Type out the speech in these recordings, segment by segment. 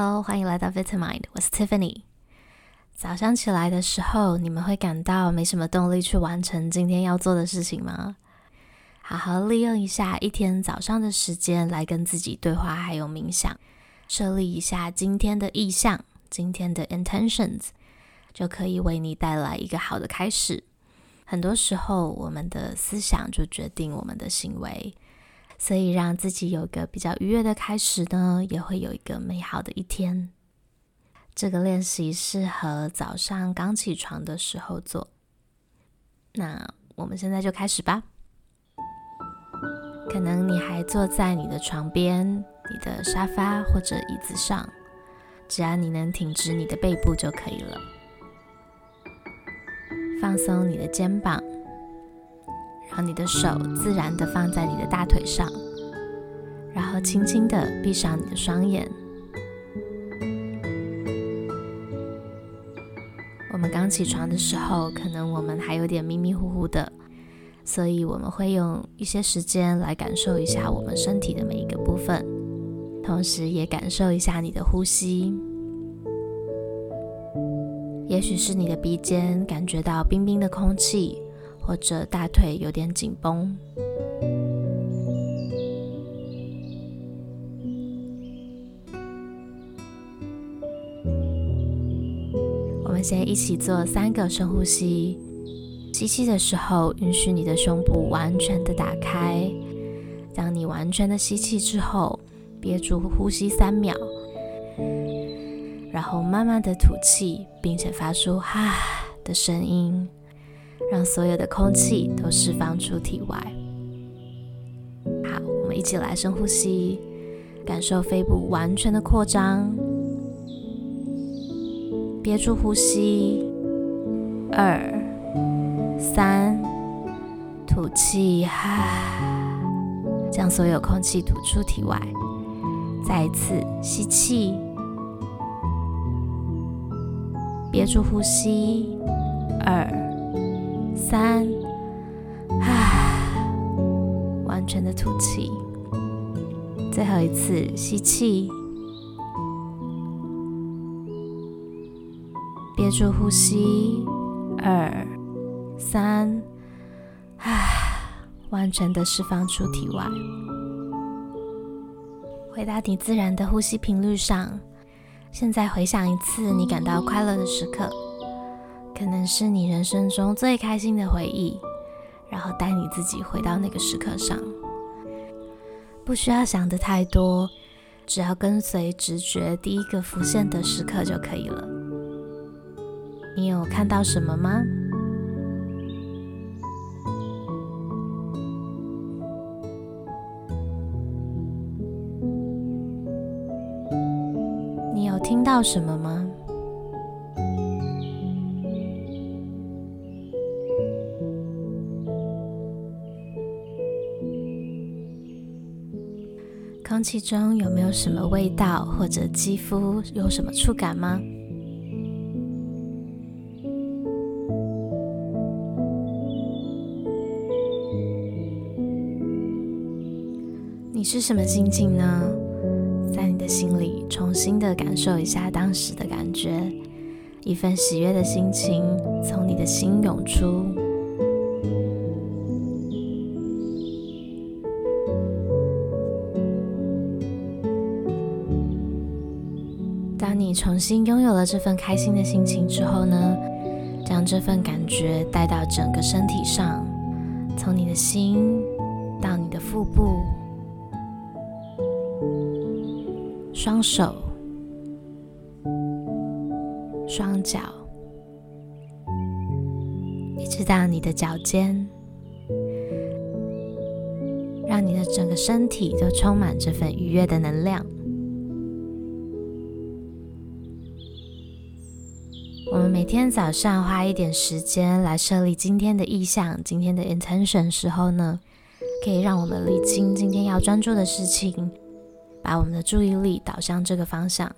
Hello，歡迎來到 Vitamin。我是 Tiffany。早上起來的時候，你們會感到沒什麼動力去完成今天要做的事情嗎？好好利用一下一天早上的時間來跟自己對話，還有冥想，設立一下今天的意向，今天的 intentions，就可以為你帶來一個好的開始。很多時候，我們的思想就決定我們的行為。所以，讓自己有個比較愉悅的開始呢，也會有一個美好的一天。這個練習適合早上剛起床的時候做。那我們現在就開始吧。可能你還坐在你的床邊、你的沙發或者椅子上，只要你能挺直你的背部就可以了。放鬆你的肩膀。讓你的手自然的放在你的大腿上，然後輕輕的閉上你的雙眼。我們剛起床的時候，可能我們還有點迷迷糊糊的，所以我們會用一些時間來感受一下我們身體的每一個部分，同時也感受一下你的呼吸。也許是你的鼻尖感覺到冰冰的空氣。或者大腿有點緊繃，我們先一起做三個深呼吸。吸氣的時候，允許你的胸部完全的打開。當你完全的吸氣之後，憋住呼吸三秒，然後慢慢的吐氣，並且發出“哈”的聲音。讓所有的空氣都釋放出體外。好，我們一起來深呼吸，感受肺部完全的擴張。憋住呼吸，二三，吐氣，哈，將所有空氣吐出體外。再一次吸氣，憋住呼吸，二。三，啊，完全的吐氣，最後一次吸氣，憋住呼吸，二三，啊，完全的釋放出體外，回到你自然的呼吸頻率上。現在回想一次你感到快樂的時刻。可能是你人生中最開心的回憶，然後帶你自己回到那個時刻上，不需要想的太多，只要跟隨直覺，第一個浮現的時刻就可以了。你有看到什麼嗎？你有聽到什麼嗎？空氣中有沒有什麼味道，或者肌膚有什麼觸感嗎？你是什麼心情呢？在你的心裡重新的感受一下當時的感覺，一份喜悅的心情從你的心湧出。重新擁有了這份開心的心情之後呢，將這份感覺帶到整個身體上，從你的心到你的腹部、雙手、雙腳，一直到你的腳尖，讓你的整個身體都充滿這份愉悅的能量。我們每天早上花一點時間來設立今天的意向，今天的 intention 時候呢，可以讓我們理清今天要專注的事情，把我們的注意力導向這個方向。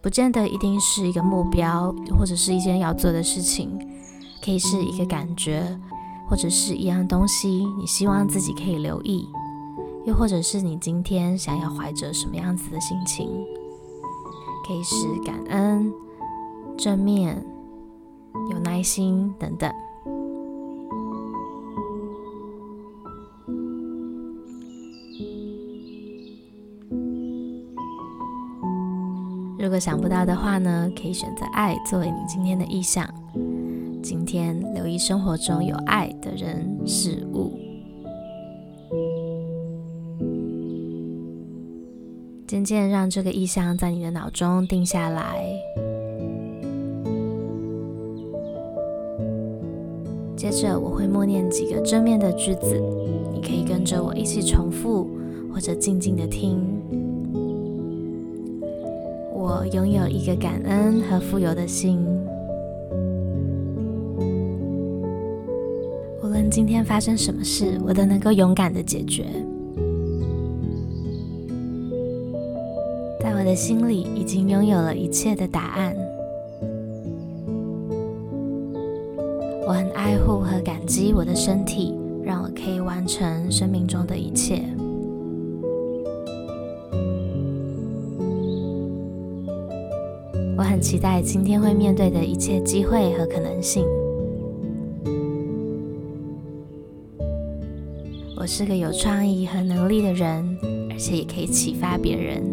不見得一定是一個目標，或者是一件要做的事情，可以是一個感覺，或者是一樣東西，你希望自己可以留意，又或者是你今天想要懷着什麼樣子的心情，可以是感恩。正面、有耐心等等。如果想不到的話呢，可以選擇愛作為你今天的意向。今天留意生活中有愛的人事物，漸漸讓這個意向在你的腦中定下來。接着我會默念幾個正面的句子，你可以跟着我一起重複，或者靜靜的聽。我擁有一個感恩和富有的心。無論今天發生什麼事，我都能夠勇敢的解決。在我的心裡已經擁有了一切的答案。愛護和感激我的身體，讓我可以完成生命中的一切。我很期待今天會面對的一切機會和可能性。我是個有創意和能力的人，而且也可以啟發別人。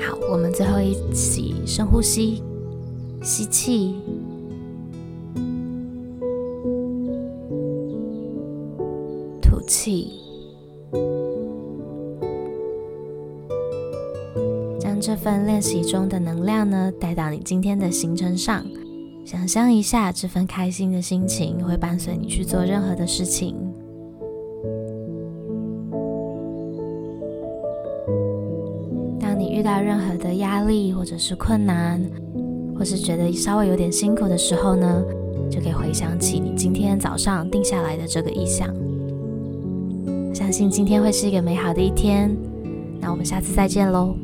好，我們最後一起深呼吸。吸氣，吐氣，將這份練習中的能量呢帶到你今天的行程上。想象一下，這份開心的心情會伴隨你去做任何的事情。當你遇到任何的壓力或者是困難，或是覺得稍微有點辛苦的時候呢，就可以回想起你今天早上定下來的這個意向。相信今天會是一個美好的一天。那我們下次再見嘍。